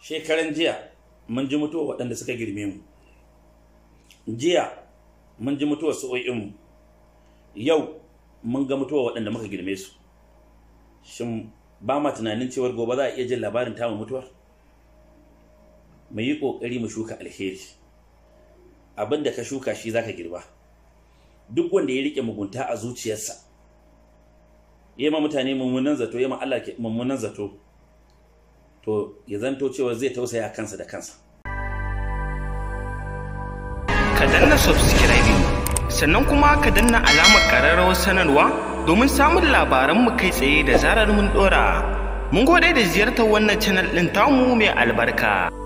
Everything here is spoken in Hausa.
shekaran jiya mun ji mutuwa waɗanda suka girme mu jiya mun ji mutuwa su'o'inmu yau mun ga mutuwa waɗanda muka girme su shin ba ma tunanin cewar gobe za a iya jin labarin tamu mutuwar mu yi ƙoƙari mu shuka alheri abin da ka shuka shi za ka girba duk wanda ya rike mugunta a zuciyarsa yema mutane mummunan zato yema Allah mummunan zato to ya zanto cewa zai tausaya kansa da kansa ka danna subscribe sannan kuma ka danna alamar ƙararrawar sanarwa domin samun labaran mu kai tsaye da zarar mun ɗora mun gode da ziyartar wannan channel ɗin tamu mai albarka